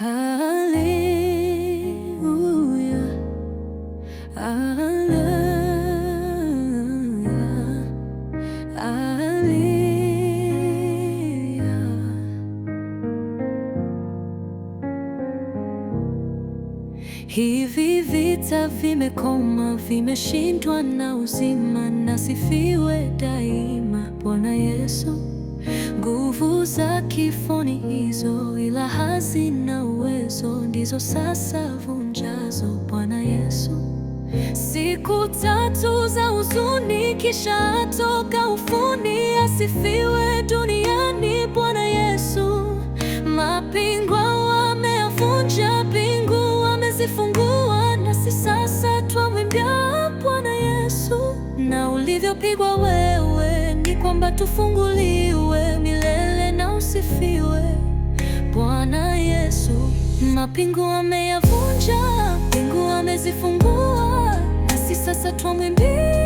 Hivi vita vimekoma, vimeshindwa na uzima, nasifiwe daima Bwana Yesu za kifoni hizo, ila hazina uwezo, ndizo sasa vunjazo Bwana Yesu. Siku tatu za huzuni, kisha atoka ufuni, asifiwe duniani Bwana Yesu. Mapingwa wameavunja pingu, wamezifungua, nasi sasa twamwimbia Bwana Yesu. Na ulivyopigwa wewe, ni kwamba tufunguliwe milele. Mapingu ameyavunja, mbingu amezifungua, nasi sasa twamwimbia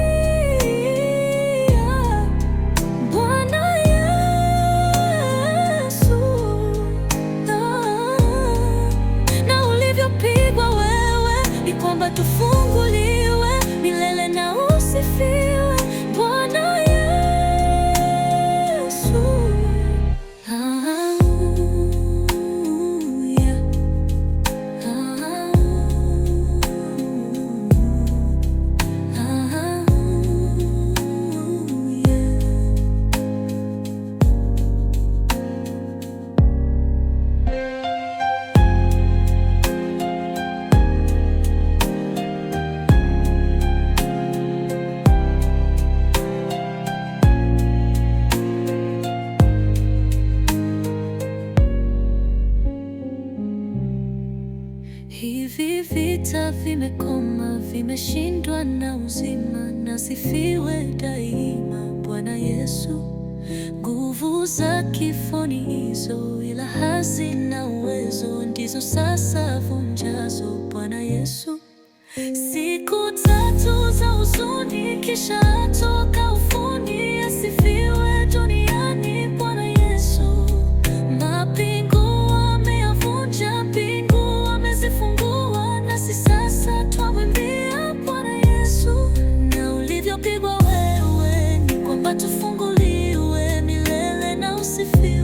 vita vimekoma, vimeshindwa na uzima, nasifiwe daima Bwana Yesu. Nguvu za kifo ni hizo, ila hazina uwezo, ndizo sasa vunjazo Bwana Yesu. Siku tatu za huzuni kisha atoka to feel